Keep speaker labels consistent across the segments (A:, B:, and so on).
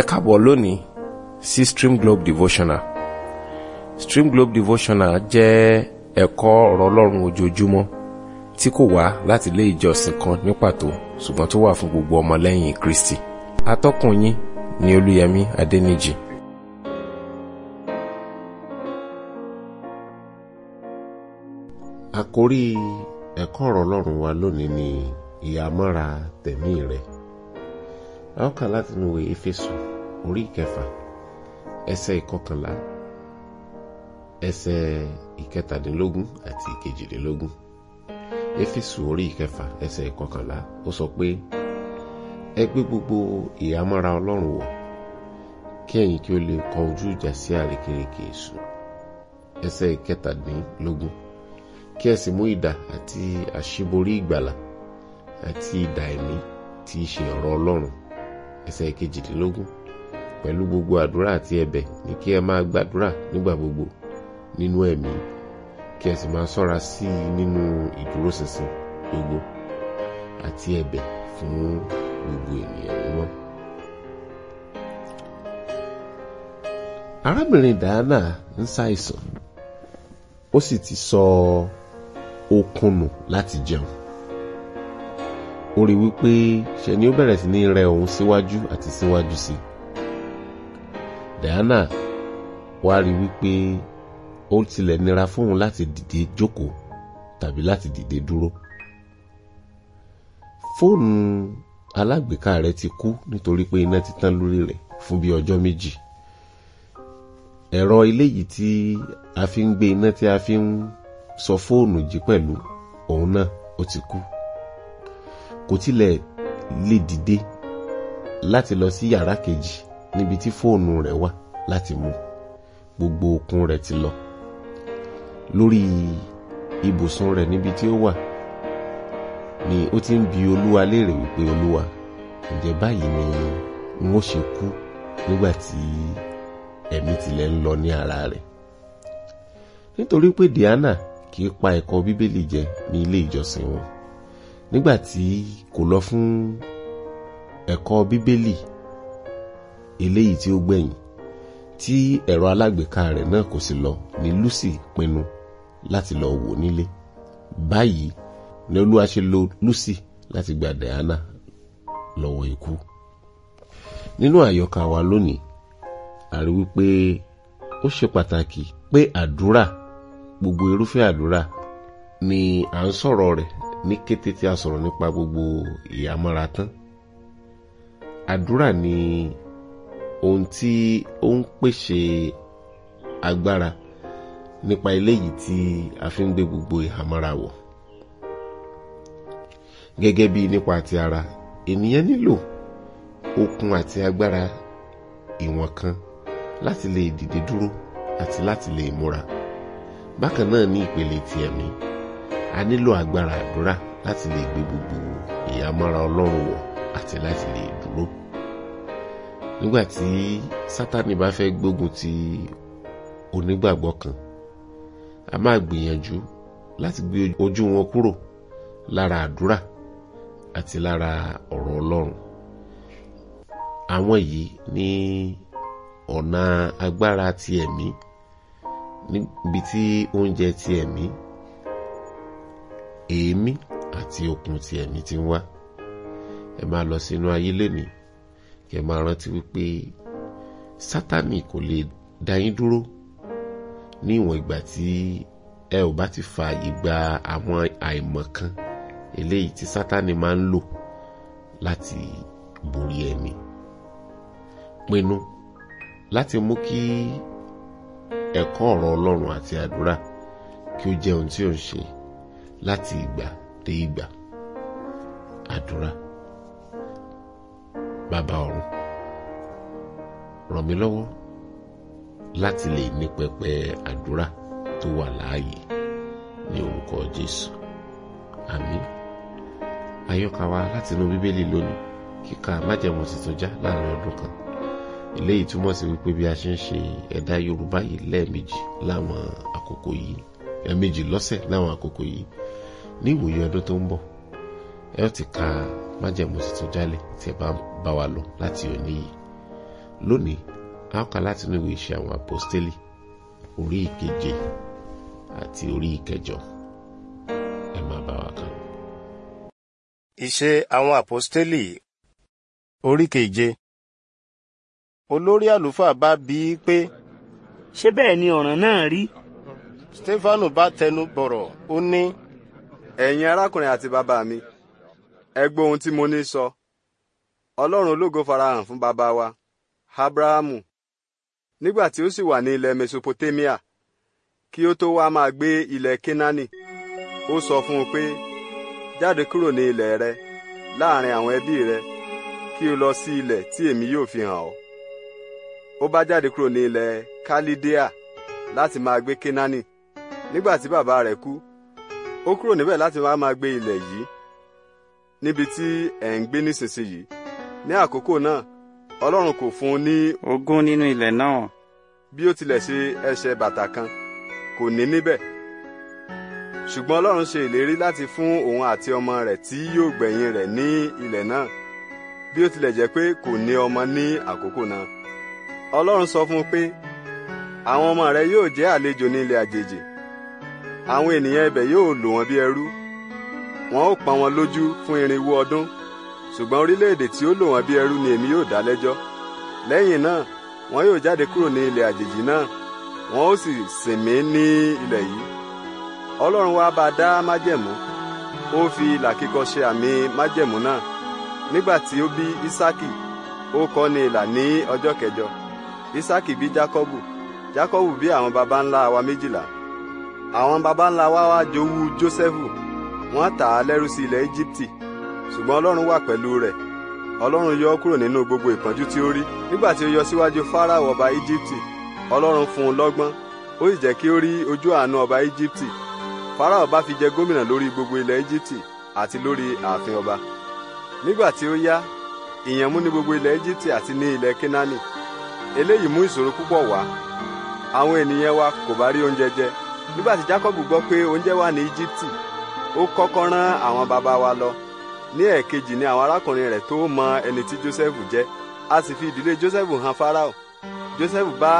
A: ẹ káàbọ̀ lónìí sí Stream Globe Devotional Stream Globe Devotional jẹ́ ẹ̀kọ́ ọ̀rọ̀ ọlọ́run ojoojúmọ́ tí kò wá láti ilé ìjọsìn kan ní pàtó ṣùgbọ́n tó wà fún gbogbo ọmọlẹ́yìn Kristi atọ́kùn yín ni Olúyẹmí Adẹ́nìjì. àkórí ẹ̀kọ́ ọ̀rọ̀ ọlọ́run wa lónìí ni ìhámọ́ra tẹ̀mí rẹ̀ a ó kà ìwé Éfésù orí ìkẹfà ẹsẹ̀ ìkọkànlá ẹsẹ̀ ìkẹtàdínlógún àti ìkejìdínlógún éfésù orí ìkẹfà ẹsẹ ìkọkànlá ó sọ pé ẹ gbogbo ìhámọ́ra ọlọ́run wọ̀ kí ẹ̀yin kí ó lè kọ ojú ìjà sí àrékérekè èṣù ẹsẹ kí mú àti àti tí í ṣe pẹ̀lú gbogbo àdúrà àti ẹ̀bẹ̀ ni kí ẹ máa gbàdúrà nígbà gbogbo nínú ẹ̀mí kí ẹ sì máa ṣọ́ra sí i nínú ìdúróṣinṣin gbogbo àti ẹ̀bẹ̀ fún gbogbo ènìyàn mímọ́. arábìnrin Diana ń ṣàìsàn ó sì ti sọ okun nù láti jẹun ó rí wípé ṣe ni ó bẹ̀rẹ̀ sí ní rẹ̀ òun síwájú àti síwájú sí i Diana wá rí wípé ó tilẹ̀ nira fún òun láti dìde jókòó tàbí láti dìde dúró. fóònù alágbèéká rẹ̀ ti kú nítorí pé iná ti tán lórí rẹ̀ fún bí ọjọ́ méjì. ẹ̀rọ eléyìí tí a fi ń gbé iná tí a fi ń sọ fóònù jí pẹ̀lú òun náà ó ti kú. kò tilẹ̀ lè dìde láti lọ sí yàrá kejì níbi tí fóònù rẹ̀ wà láti mú gbogbo okun rẹ̀ ti lọ lórí ibùsùn rẹ̀ níbi tí ó wà ni ó ti ń bi olúwa léèrè wípé olúwa ǹjẹ́ báyìí ni n ó ṣe kú nígbà tí ẹ̀mí tilẹ̀ ń lọ ní ara rẹ̀ nítorí pé Diana kì í pa ẹ̀kọ́ bíbélì jẹ ní ilé ìjọsìn wọn nígbà tí kò lọ fún ẹ̀kọ́ bíbélì eléyìí tí ó gbẹ̀yìn tí ẹ̀rọ alágbèéká rẹ̀ náà kò sì lọ ní Lucy pinnu láti lọ wò nílé báyìí ni olúwa ṣe lo Lucy láti gba Diana lọ́wọ́ ikú nínú àyọkà wa lónìí a rí wípé ó ṣe pàtàkì pé àdúrà gbogbo irúfẹ́ àdúrà ni à ń sọ̀rọ̀ rẹ̀ ní kété tí a sọ̀rọ̀ nípa gbogbo ìhámọ́ra tán àdúrà ni ohun tí ó ń pèsè agbára nípa eléyìí tí a fi ń gbé gbogbo ìhámọ́ra wọ̀ gẹ́gẹ́ bí nípa ti ara ènìyàn nílò okun àti agbára ìwọ̀n kan láti lè dìde dúró àti láti lè múra bákan náà ní ìpele ti ẹ̀mí a nílò agbára àdúrà láti lè gbé gbogbo ìhámọ́ra ọlọ́run wọ̀ àti láti lè dúró nígbàtí sátani bá fẹ́ gbógun ti onígbàgbọ́ kan a máa gbìyànjú láti gbé ojú wọn kúrò lára àdúrà àti lára ọ̀rọ̀ ọlọ́run àwọn yìí ní ọ̀nà agbára ti ẹ̀mí níbi tí oúnjẹ ti ẹ̀mí èémí àti okun ti ẹ̀mí ti ń wá ẹ máa lọ sínú ayé lénìí kẹ máa rántí wípé sátánì kò lè dá yín dúró ní ìwọ̀n ìgbà tí ẹ ò bá ti fa ìgbà àwọn àìmọ̀kan eléyìí tí sátánì máa ń lò láti borí ẹni pinnu láti mú kí ẹ̀kọ́ ọ̀rọ̀ ọlọ́run àti àdúrà kí ó jẹ́ ohun tí ó ń ṣe láti ìgbà dé ìgbà àdúrà bàbá ọ̀run ràn mí lọ́wọ́ láti lè ní pẹpẹ àdúrà tó wà láàyè ní orúkọ Jésù àmín àyọkà wa látinú bíbélì lónìí kíkà májẹ̀mú tuntun já láàrin ọdún kan eléyìí túmọ̀ sí wípé bí a ṣe ń ṣe ẹ̀dá Yorùbá yìí lẹ́ẹ̀mejì láwọn àkókò yìí ẹ̀ẹ̀mejì lọ́sẹ̀ láwọn àkókò yìí ní ìwòye ọdún tó ń bọ̀ ẹ ó ti ka májẹ̀mú tuntun jálẹ̀ tí ẹ bá ń bá wa lọ láti òní yìí lónìí a ó kà láti inú ìwé ìṣe àwọn àpọ́stélì orí ìkeje àti orí ìkẹjọ ẹ máa bá wa kà.
B: ìṣe àwọn àpọ́stélì orí keje olórí àlùfáà bá bi í pé. ṣé bẹ́ẹ̀ ni ọ̀ràn náà rí.
C: stefanu bá tẹnu bọ̀rọ̀ ó ní. ẹ̀yin arákùnrin àti bàbá mi ẹ gbọ́ ohun tí mo ní sọ ọlọ́run ológo farahàn fún bàbá wa abrahamu nígbà tí ó sì wà ní ilẹ̀ mesopotamia kí ó tó wá máa gbé ilẹ̀ kenani ó sọ fún un pé jáde kúrò ní ilẹ̀ rẹ láàrin àwọn ẹbí rẹ kí o lọ sí ilẹ̀ tí èmi yóò fi hàn ọ́ ó bá jáde kúrò ní ilẹ̀ kálídéà láti máa gbé kenani nígbà tí bàbá rẹ̀ kú ó kúrò níbẹ̀ láti wá máa gbé ilẹ̀ yìí níbi tí ẹ̀ ń gbé nísinsìnyí ní àkókò náà ọlọ́run kò fún un ní ogún nínú ilẹ̀ náà bí ó tilẹ̀ ṣe ẹsẹ̀ bàtà kan kò ní níbẹ̀ ṣùgbọ́n ọlọ́run ṣe ìlérí láti fún òun àti ọmọ rẹ̀ tí yóò gbẹ̀yìn rẹ̀ ní ilẹ̀ náà bí ó tilẹ̀ jẹ́ pé kò ní ọmọ ní àkókò náà ọlọ́run sọ fún un pé àwọn ọmọ rẹ yóò jẹ́ àlejò ní ilẹ̀ àjèjì àwọn ènìyàn ibẹ̀ yóò lò wọ́n bí ẹrú wọn ó pa wọn lójú fún irinwó ọdún ṣùgbọ́n orílẹ̀-èdè tí ó lò wọ́n bí ẹrú ni èmi yóò dá lẹ́jọ́ lẹ́yìn náà wọn yóò jáde kúrò ní ilẹ̀ àjèjì náà wọn ó sì sìn mí ní ilẹ̀ yìí ọlọ́run wa bá dá májẹ̀mú ó fi ìlà kíkọ ṣe àmì májẹ̀mú náà nígbà tí ó bí ísákì ó kọ ní ìlà ní ọjọ́ kẹjọ ísákì bí jákọ́bù jákọ́bù bí àwọn baba ńlá wa méjìlá àwọn baba ńlá wa wá jowú jósẹ́fù wọ́n tà á lẹ́rú sí ilẹ̀ Íjíbítì ṣùgbọ́n Ọlọ́run wà pẹ̀lú rẹ̀ Ọlọ́run yọ ọ́ kúrò nínú gbogbo ìpọ́njú tí ó rí nígbà tí ó yọ síwájú Fáráò ọba Íjíbítì Ọlọ́run fún un lọ́gbọ́n ó sì jẹ́ kí ó rí ojú àánú ọba Íjíbítì Fáráò bá fi jẹ gómìnà lórí gbogbo ilẹ̀ Íjíbítì àti lórí ààfin ọba nígbà tí ó yá ìyàn mú ní gbogbo ilẹ̀ Íjíbítì àti ní ilẹ̀ Kénáánì eléyìí mú ìṣòro púpọ̀ wá àwọn ènìyàn wa kò bá rí oúnjẹ jẹ nígbà tí Jákọ́bù gbọ́ pé oúnjẹ wà ní Íjíbítì ó kọ́kọ́ rán àwọn bàbá wa lọ ní ẹ̀ẹ̀kejì ni àwọn arákùnrin rẹ̀ tó mọ ẹni tí joseph jẹ́ a sì fi ìdílé joseph hàn farao joseph bá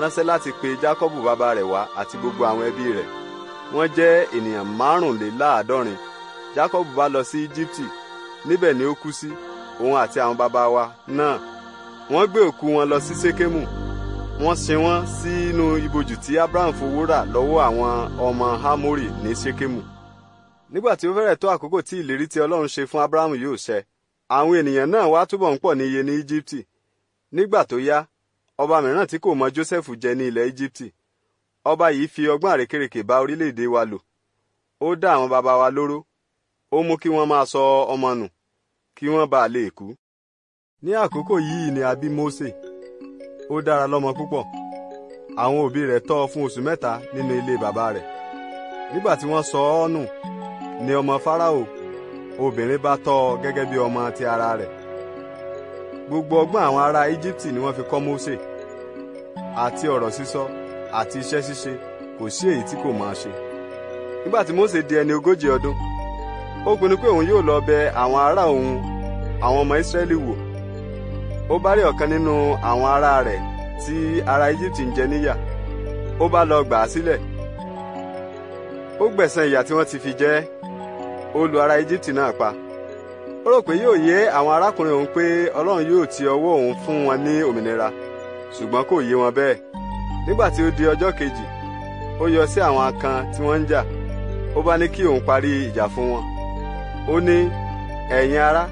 C: ránṣẹ́ láti pe jacob bàbá rẹ̀ wá àti gbogbo àwọn ẹbí rẹ̀ wọ́n jẹ́ ènìyàn márùnléláàádọ́rin jacob bá lọ sí íjíbítì níbẹ̀ ni ó kú sí òun àti àwọn bàbá wa náà wọ́n gbé òkú wọn lọ sí sékémù wọ́n sin wọ́n sínú ibojì tí abraham fowó rà lọ́wọ́ àwọn ọmọ hamori ní sékémù nígbà tí ó fẹ́rẹ̀ tó àkókò tí ìlérí tí ọlọ́run ṣe fún abrahamu yóò ṣẹ àwọn ènìyàn náà wá túbọ̀ ń pọ̀ ní iye ní íjíbítì nígbà tó yá ọba mìíràn tí kò mọ joseph jẹ ní ilẹ̀ íjíbítì ọba yìí fi ọgbọ́n àrékèrèkè bá orílẹ̀-èdè wa lò ó dá àwọn baba wa lóró ó mú kí wọ́n máa sọ ọmọ nù kí wọ́n bá lè kú ní àkókò yìí ni a bí mose ó dára lọ́mọ púpọ̀ àwọn òbí rẹ̀ tọ́ ọ fún oṣù mẹ́ta nínú ilé bàbá rẹ̀ nígbà tí wọ́n sọ ọ́ nù ni ọmọ Fáráò obìnrin bá tọ́ ọ gẹ́gẹ́ bí ọmọ ti ara rẹ̀ gbogbo ọgbọ́n àwọn ará Íjíbítì ni wọ́n fi kọ́ Mósè àti ọ̀rọ̀ sísọ àti iṣẹ́ ṣíṣe kò sí èyí tí kò máa ṣe nígbà tí Mósè di ẹni ogójì ọdún ó pinnu pé òun yóò lọ bẹ àwọn ará òun àwọn ọmọ Ísírẹ́lì wò ó bá rí ọ̀kan nínú àwọn ará rẹ̀ tí ará Íjíbítì ń jẹ níyà ó bá lọ gbà á sílẹ̀ ó gbẹ̀san ìyà tí wọ́n ti fi jẹ ẹ́ ó lu ará Íjíbítì náà pa ó rò pé yóò yé àwọn arákùnrin òun pé ọlọ́run yóò ti ọwọ́ òun fún wọn ní òmìnira ṣùgbọ́n kò yé wọn bẹ́ẹ̀ nígbà tí ó di ọjọ́ kejì ó yọ sí àwọn kan tí wọ́n ń jà ó bá ní kí òun parí ìjà fún wọn ó ní ẹ̀yin ará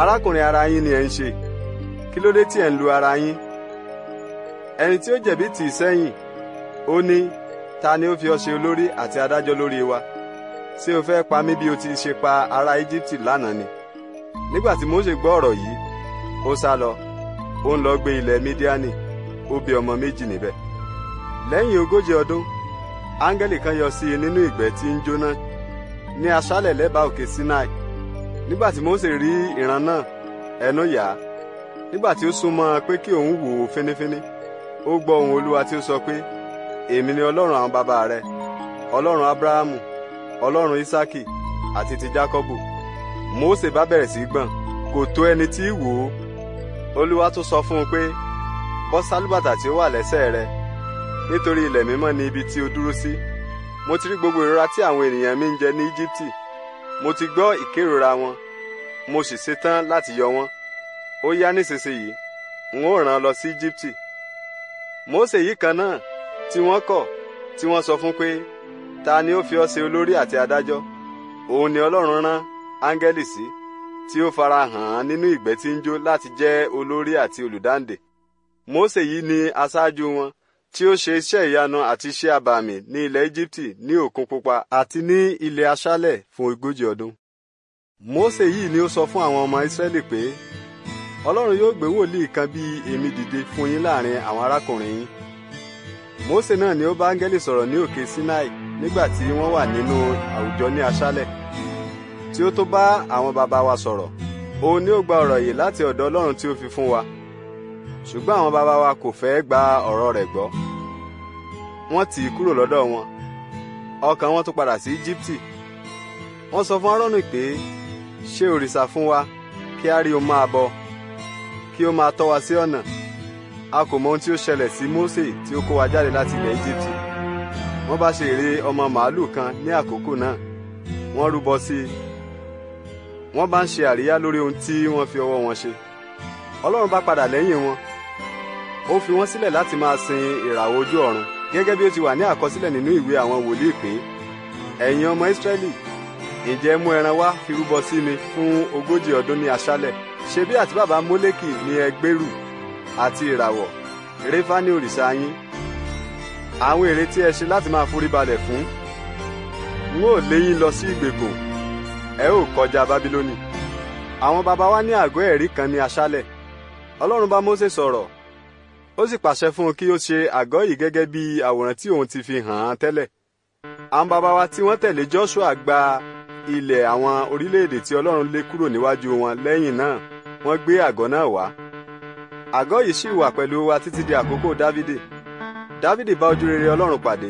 C: arákùnrin ara yín ni ẹ̀ ń ṣe kí ló dé tí ẹ̀ ń lu ara yín ẹni tí ó jẹ̀bi tì í sẹ́yìn ó ní ta ni ó fi ọ ṣe olórí àti adájọ́ lórí wa ṣé o fẹ́ pa mí bí o ti ṣe pa ará Íjíbítì lánàá ni nígbà tí Mósè gbọ́ ọ̀rọ̀ yìí ó sá lọ ó ń lọ gbé ilẹ̀ Mídíánì ó bí ọmọ méjì níbẹ̀ lẹ́yìn ogójì ọdún áńgẹ́lì kan yọ sí i nínú ìgbẹ́ tí ń jóná ní aṣálẹ̀ lẹ́bàá òkè Sinai nígbà tí Mósè rí ìran náà ẹnu yà á nígbà tí ó súnmọ́ pé kí òun wò ó fínífíní ó gbọ́ ohùn Olúwa tí ó sọ pé èmi ni Ọlọ́run àwọn bàbá rẹ Ọlọ́run Ábúráhámù ọlọ́run isaki àti ti jacobu mose bá bẹ̀rẹ̀ sí gbọ̀n kò tó ẹni tí wò ó olúwa tún sọ fún un pé bọ́ sálúbàtà tí ó wà lẹ́sẹ̀ rẹ nítorí ilẹ̀ mímọ́ ni ibi tí o dúró sí mo ti rí gbogbo ìrora tí àwọn ènìyàn mi ń jẹ ní íjíbítì mo ti gbọ́ ìkérora wọn mo sì ṣetán láti yọ wọn ó yá nísinsìnyí n ó ràn án lọ sí íjíbítì mose yìí kan náà tí wọ́n kọ̀ tí wọ́n sọ fún pé ta ni ó fi ọ ṣe olórí àti adájọ́ òun ni ọlọ́run rán áńgẹ́lì sí tí ó fara hàn án nínú ìgbẹ́ tí ń jó láti jẹ́ olórí àti olùdáǹdè mósè yìí ni aṣáájú wọn tí ó ṣe iṣẹ́ ìyanu àti iṣẹ́ abàmì ní ilẹ̀ Íjíbítì ní òkun pupa àti ní ilẹ̀ aṣálẹ̀ fún ogójì ọdún mósè yìí ni ó sọ fún àwọn ọmọ Ísírẹ́lì pé ọlọ́run yóò gbé wòlíì kan bíi èmi dìde fún yín láàrin àwọn arákùnrin yín mósè náà ni ó bá áńgẹ́lì sọ̀rọ̀ ní òkè Sinai nígbà tí wọ́n wà nínú àwùjọ ní aṣálẹ̀ tí ó tó bá àwọn bàbá wa sọ̀rọ̀ òun ni ó gba ọ̀rọ̀ yìí láti ọ̀dọ̀ Ọlọ́run tí ó fi fún wa ṣùgbọ́n àwọn bàbá wa kò fẹ́ gba ọ̀rọ̀ rẹ̀ gbọ́ wọ́n tì í kúrò lọ́dọ̀ wọn ọkàn wọn tún padà sí Íjíbítì wọ́n sọ fún Árónì pé ṣe òrìṣà fún wa kí a rí o máa bọ kí o máa tọ́ wa sí ọ̀nà a kò mọ ohun tí ó ṣẹlẹ̀ sí Mósè tí ó kó wa jáde láti ilẹ̀ Íjíbítì wọ́n bá ṣe ère ọmọ màálù kan ní àkókò náà wọ́n rúbọ sí i wọ́n bá ń ṣe àríyá lórí ohun tí wọ́n fi ọwọ́ wọn ṣe ọlọ́run bá padà lẹ́yìn wọn ó fi wọ́n sílẹ̀ láti máa sin ìràwọ̀ ojú ọ̀run gẹ́gẹ́ bí ó ti wà ní àkọsílẹ̀ nínú ìwé àwọn wòlíì pé ẹ̀yin ọmọ Ísírẹ́lì ǹjẹ́ mú ẹran wá fi rúbọ sí mi fún ogójì ọdún ní aṣálẹ̀ ṣebí àti bàbá Mólékì ni ẹ gbérù àti ìràwọ̀ réfání òrìṣà yín àwọn ère tí ẹ ṣe láti máa forí balẹ̀ fún n ó lé yín lọ sí ìgbèkùn ẹ ó kọjá bábílónì àwọn baba wa ní àgọ́ ẹ̀rí kan ní aṣálẹ̀ ọlọ́run bá mósè sọ̀rọ̀ ó sì pàṣẹ fún un kí ó ṣe àgọ́ yìí gẹ́gẹ́ bí àwòrán tí òun ti fi hàn án tẹ́lẹ̀ àwọn baba wa tí wọ́n tẹ̀lé joshua gba ilẹ̀ àwọn orílẹ̀-èdè tí ọlọ́run lé kúrò níwájú wọn lẹ́yìn náà wọ́n gbé àgọ́ náà wá àgọ́ yìí sì wà pẹ̀lú wa títí di àkókò dávidi dávìdì bá ojú rere ọlọ́run pàdé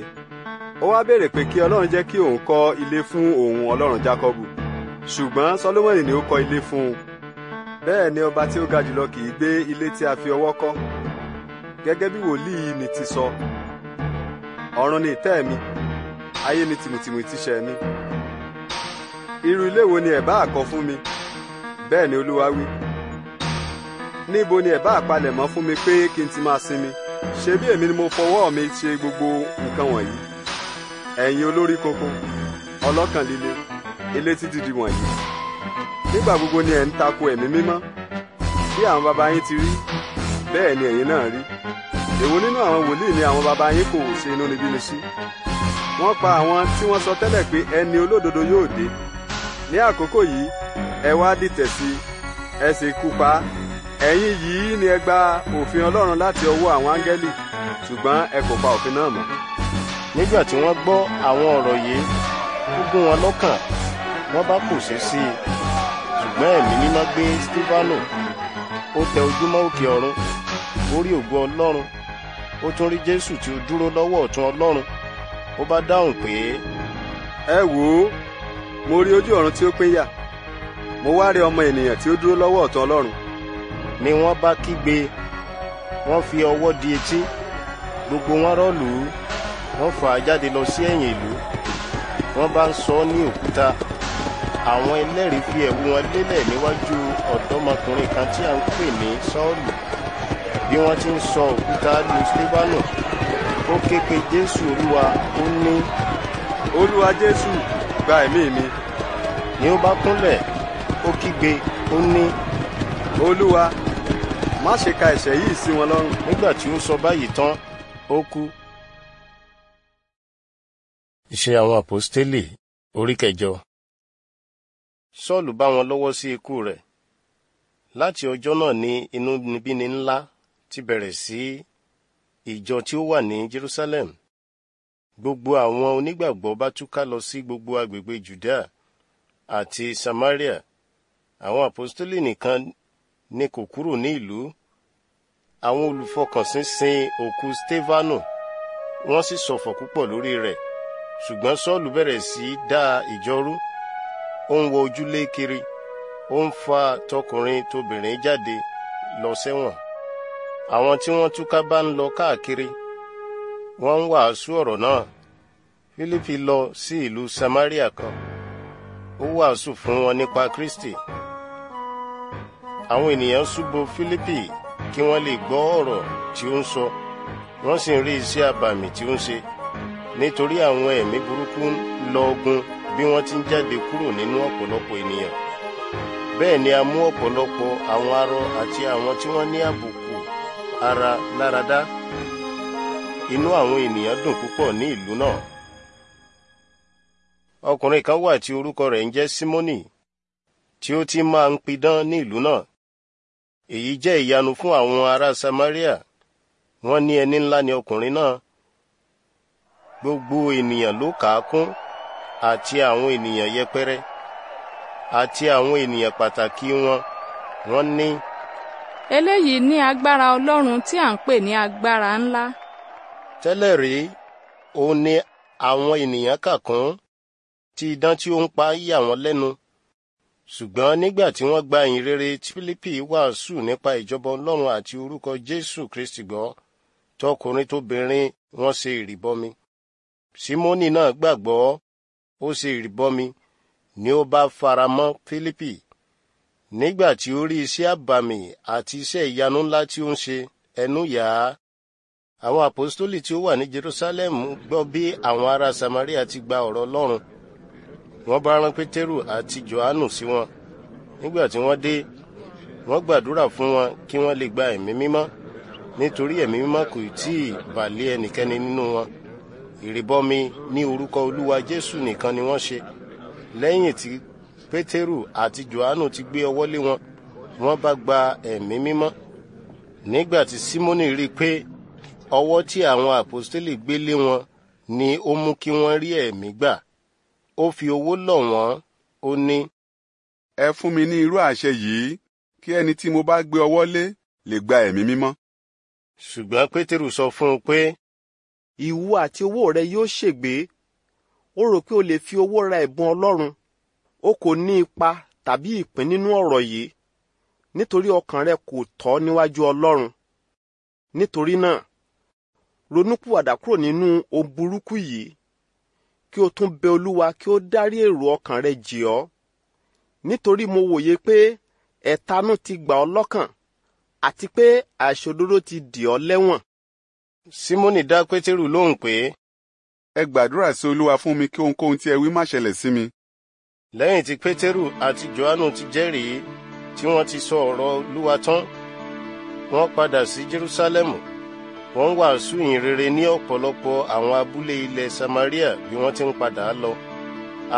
C: ó wá béèrè pé kí ọlọ́run jẹ́ kí òun kọ́ ilé fún òun ọlọ́run jákọ́bù ṣùgbọ́n solomoni ni ó kọ́ ilé fún un bẹ́ẹ̀ ni ọba tí ó ga jùlọ kì í gbé ilé tí a fi ọwọ́ kọ́ gẹ́gẹ́ bí wòlíì ni ti sọ ọ̀run ni ìtẹ́ mi ayé ni tìmùtìmù ìtìsẹ̀ mi irú ilé wo ni ẹ̀ àkọ́ fún mi bẹ́ẹ̀ ni olúwa wí níbo ni ẹ̀ bá àpalẹ̀mọ́ fún mi pé kí n ti máa sinmi ṣe bí èmi ni mo fọwọ́ mi ṣe gbogbo nǹkan wọ̀nyí ẹ̀yin olórí kókó ọlọ́kàn líle elétí dídì wọ̀nyí nígbà gbogbo ni ẹ̀ ń tako ẹ̀mí mímọ́ bí àwọn baba yín ti rí bẹ́ẹ̀ ni ẹ̀yin náà rí èwo nínú àwọn wòlíì ni àwọn baba yín kò ṣe inúnibíni sí wọ́n pa àwọn tí wọ́n sọ tẹ́lẹ̀ pé ẹni olódodo yóò dé ní àkókò yìí ẹ wá dìtẹ̀ sí ẹ sì kú pa á ẹ̀yin yìí ni ẹ gba òfin ọlọ́run láti ọwọ́ àwọn áńgẹ́lì ṣùgbọ́n ẹ kò pa òfin náà mọ́. nígbà tí wọ́n gbọ́ àwọn ọ̀rọ̀ yìí ó gún wọn lọ́kàn wọ́n bá pòṣé sí i
B: ṣùgbọ́n ẹ̀mí mímọ́ gbé stéfánù ó tẹ ojúmọ́ òkè ọ̀run ó rí ògo ọlọ́run ó tún rí jésù tí ó dúró lọ́wọ́ ọ̀tún ọlọ́run ó
C: bá dáhùn pé. ẹ wò ó mo rí ojú ọ̀run tí ó pínyà mo wá rí ọmọ ènìyàn tí ó dúró lọ́wọ́ ọ̀tún ọlọ́run ni wọ́n bá kígbe
B: wọ́n fi ọwọ́ di etí gbogbo wọn rọ́ lù ú wọ́n fà á jáde lọ sí ẹ̀yìn ìlú wọ́n bá ń sọ ọ́ ní òkúta àwọn ẹlẹ́rìí fi ẹ̀wù wọn lélẹ̀ níwájú ọ̀dọ́mọkùnrin kan tí a ń pè ní sọ́ọ̀lù bí wọ́n ti ń sọ òkúta lu stébánù ó ké pe jésù olúwa ó
C: ní. olúwa jésù gba ẹ̀mí mi. ni ó bá kúnlẹ̀ ó kígbe ó ní. olúwa má ṣe ka ẹ̀ṣẹ̀ yìí sí wọn lọ́rùn. nígbà tí ó sọ báyìí tán ó kú.
B: iṣẹ́ àwọn àpọ́stélì orí kẹjọ. sọ́ọ̀lù bá wọn lọ́wọ́ sí ikú rẹ̀ láti ọjọ́ náà ni inúnibíni ńlá ti bẹ̀rẹ̀ sí ìjọ tí ó wà ní Jerusalem gbogbo àwọn onígbàgbọ́ bá túká lọ sí gbogbo agbègbè Judea àti Samaria àwọn àpọ́stélì nìkan ni kò kúrò ní ìlú àwọn olùfọkànsìn sin òkú stefano wọ́n sì ṣọ̀fọ̀ púpọ̀ lórí rẹ̀ ṣùgbọ́n sọ́ọ̀lù bẹ̀rẹ̀ sí í dá ìjọ rú ó ń wọ ojúlé kiri ó ń fa tọkùnrin tóbìnrin jáde lọ sẹ́wọ̀n àwọn tí wọ́n túká bá ń lọ káàkiri wọ́n ń wàásù ọ̀rọ̀ náà fílípì lọ sí ìlú samaria kan ó wàásù fún wọn nípa kristi àwọn ènìyàn ṣúbọ Fílípì kí wọ́n lè gbọ́ ọ̀rọ̀ tí ó ń sọ wọ́n sì ń rí iṣẹ́ àbàmì tí ó ń ṣe nítorí àwọn ẹ̀mí burúkú ń lọ ogun bí wọ́n ti ń jáde kúrò nínú ọ̀pọ̀lọpọ̀ ènìyàn bẹ́ẹ̀ ni a mú ọ̀pọ̀lọpọ̀ àwọn arọ àti àwọn tí wọ́n ní àbùkù ara láradá inú àwọn ènìyàn dùn púpọ̀ ní ìlú náà ọkùnrin kan wà tí orúkọ rẹ̀ ń jẹ́ Símónì tí ó ti máa ń pidán ní ìlú náà èyí jẹ́ ìyanu fún àwọn ará Samaria wọ́n ní ẹni ńlá ni ọkùnrin náà gbogbo ènìyàn ló kà á kún àti àwọn ènìyàn yẹpẹrẹ àti àwọn ènìyàn pàtàkì wọn wọ́n ní.
D: eléyìí ní agbára Ọlọ́run tí à ń pè ní agbára ńlá.
B: tẹ́lẹ̀ rí òun ni àwọn ènìyàn kà kún tí idán tí ó ń pa yà wọ́n lẹ́nu ṣùgbọ́n nígbà tí wọ́n gba ìyìn rere tí Fílípì wàásù nípa ìjọba Ọlọ́run àti orúkọ Jésù Kristi gbọ́ tọkùnrin tóbìnrin wọ́n ṣe ìrìbọmi Símónì náà gbàgbọ́ ó ṣe ìrìbọmi ni ó bá faramọ́ Fílípì nígbà tí ó rí iṣẹ́ àbàmì àti iṣẹ́ ìyanu ńlá tí ó ń ṣe ẹnu yà á àwọn àpòstólì tí ó wà ní Jerusalem gbọ́ bí àwọn ará Samaria ti gba ọ̀rọ̀ Ọlọ́run wọ́n bá rán pétérù àti johanu sí wọn nígbà tí wọ́n dé wọ́n gbàdúrà fún wọn kí wọ́n lè gba ẹ̀mí mímọ́ nítorí ẹ̀mí mímọ́ kò tí ì bà ẹnikẹ́ni nínú wọn ìrìbọmi ní orúkọ olúwa jésù nìkan ni wọ́n ṣe lẹ́yìn tí pétérù àti johanu ti gbé ọwọ́ lé wọn wọ́n bá gba ẹ̀mí mímọ́ nígbà tí simoni rí i pé ọwọ́ tí àwọn àpòstélì gbé lé wọn ni ó mú kí
C: wọ́n rí ẹ̀mí gbà ó fi owó lọ̀ wọ́n ó ní. ẹ fún mi ní irú àṣẹ yìí kí ẹni tí mo bá gbé ọwọ́ lé lè gba ẹ̀mí mímọ́. ṣùgbọ́n pétérù sọ fún un pé. ìwọ àti owó rẹ yóò ṣègbé
B: ó rò pé o lè fi owó ra ẹ̀bùn ọlọ́run o kò ní ipa tàbí ìpín nínú ọ̀rọ̀ yìí nítorí ọkàn rẹ kò tọ́ níwájú ọlọ́run nítorí náà ronúpìwàdà kúrò nínú ohun burúkú yìí kí o tún bẹ olúwa kí o dárí èrò ọkàn rẹ jì ọ́ nítorí mo wòye pé ẹ̀tanú ti gbà ọ́ lọ́kàn àti pé àìṣòdodo ti dì ọ́ lẹ́wọ̀n. simoni dá pétérù lóhùn pé. ẹ gbàdúrà
C: sí olúwa fún mi kí ohunkóhun tí ẹ wí má ṣẹlẹ̀ sí mi.
B: lẹ́yìn tí pétérù àti johanu ti jẹ́rìí tí wọ́n ti sọ ọ̀rọ̀ olúwa tán wọ́n padà sí jerúsálẹ́mù wọ́n wàásù ìyìn rere ní ọ̀pọ̀lọpọ̀ àwọn abúlé ilẹ̀ Samaria bí wọ́n ti ń padà lọ.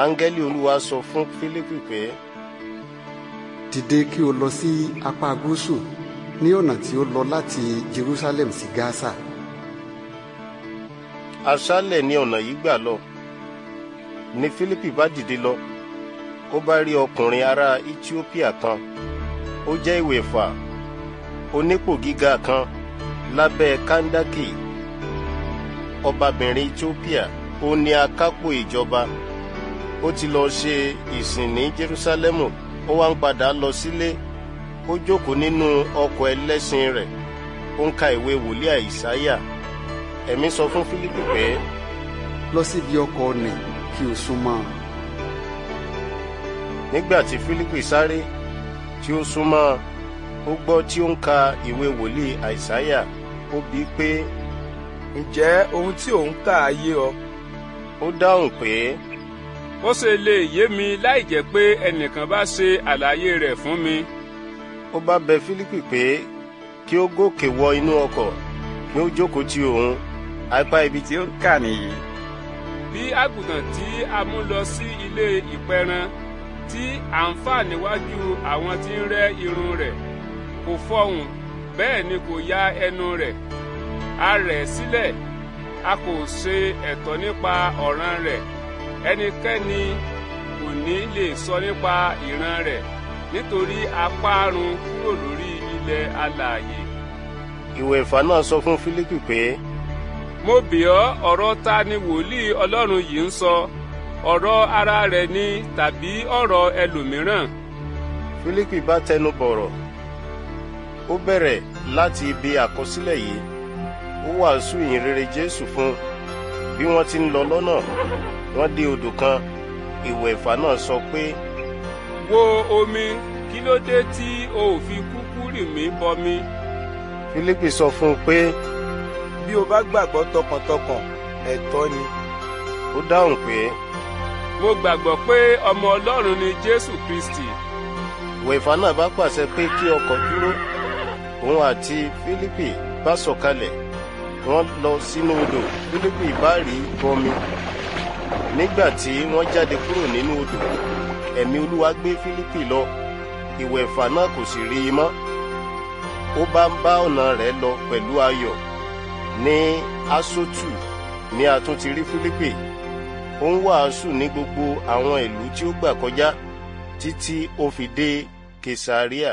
B: áńgẹ́lì Olúwa sọ fún Fílípì pé.
C: dìde kí o lọ sí apá gúúsù ní ọ̀nà tí ó lọ láti Jerusalem sí Gaza.
B: aṣálẹ̀ ni ọ̀nà yìí gbà lọ ni Fílípì bá dìde lọ ó bá rí ọkùnrin ará Ethiopia kan ó jẹ́ ìwèfà onípò gíga kan lábẹ́ Kandaki ọbabìnrin Ethiopia ó ní akápò ìjọba ó ti lọ ṣe ìsìn ní Jerusalemu ó wá ń padà lọ sílé ó jókòó nínú ọkọ̀ ẹlẹ́sìn rẹ̀ ó ń ka ìwé wòlíà Ìsáyà ẹ̀mí sọ fún Fílípì pé.
C: lọ síbi ọkọ̀ nì kí o súnmọ́.
B: nígbà tí Fílípì sáré tí ó súnmọ́ ó gbọ́ tí ó ń ka ìwé wòlíì Àìsáyà
C: ó bi í pé ǹjẹ́ ohun tí òun kà á yé ọ. ó dáhùn pé.
D: ó ṣe lè yé mi láì jẹ́ pé ẹnìkan bá ṣe àlàyé rẹ̀ fún mi. ó bá bẹ Fílípì pé kí ó gòkè wọ
B: inú ọkọ̀ kí ó jókòó ti òun apá ibi tí ó kà nìyí.
D: bí àgùntàn tí a mú lọ sí ilé ìpẹran tí à ń fà níwájú àwọn tí ń rẹ́ irun rẹ̀ kò fọhùn bẹ́ẹ̀ ni kò ya ẹnu rẹ̀ a rẹ̀ sílẹ̀ a kò ṣe ẹ̀tọ́ nípa ọ̀ràn rẹ̀ ẹnikẹ́ni kò ní lè sọ nípa ìran rẹ̀ nítorí apá run kúrò lórí ilẹ̀ alààyè.
B: ìwé ìfà náà sọ fún Fílípì pé.
D: mo bì ọ́ ọ̀rọ̀ ta ni wòlíì Ọlọ́run yìí ń sọ ọ̀rọ̀ ara rẹ̀ ni tàbí ọ̀rọ̀ ẹlòmíràn.
B: Fílípì bá tẹnu bọ̀rọ̀ ó bẹ̀rẹ̀ láti ibi àkọsílẹ̀ yìí ó wàásù ìhìnrere Jésù fún bí wọ́n ti ń lọ lọ́nà wọ́n dé odò kan
D: ìwẹ̀fà náà sọ pé. wo omi kí ló dé tí o ò fi kúkú rì mí bọmi. Fílípì sọ fún un pé. bí o bá gbàgbọ́ tọkàntọkàn ẹ̀tọ́ ni.
B: ó dáhùn pé.
D: mo gbàgbọ́ pé ọmọ Ọlọ́run ni Jésù Kristi.
B: ìwẹ̀fà náà bá pàṣẹ pé kí ọkọ̀ dúró òun àti Fílípì bá sọ̀kalẹ̀ wọ́n lọ sínú odò Fílípì bá rí bọmi nígbà tí wọ́n jáde kúrò nínú odò ẹ̀mí Olúwa gbé Fílípì lọ ìwẹ̀fà náà kò sì rí i mọ́ ó bá ń bá ọ̀nà rẹ̀ lọ pẹ̀lú ayọ̀ ní asotu ni a tún ó ń wàásù ní gbogbo àwọn ìlú tí ó gbà kọjá títí ó fi dé Kesaria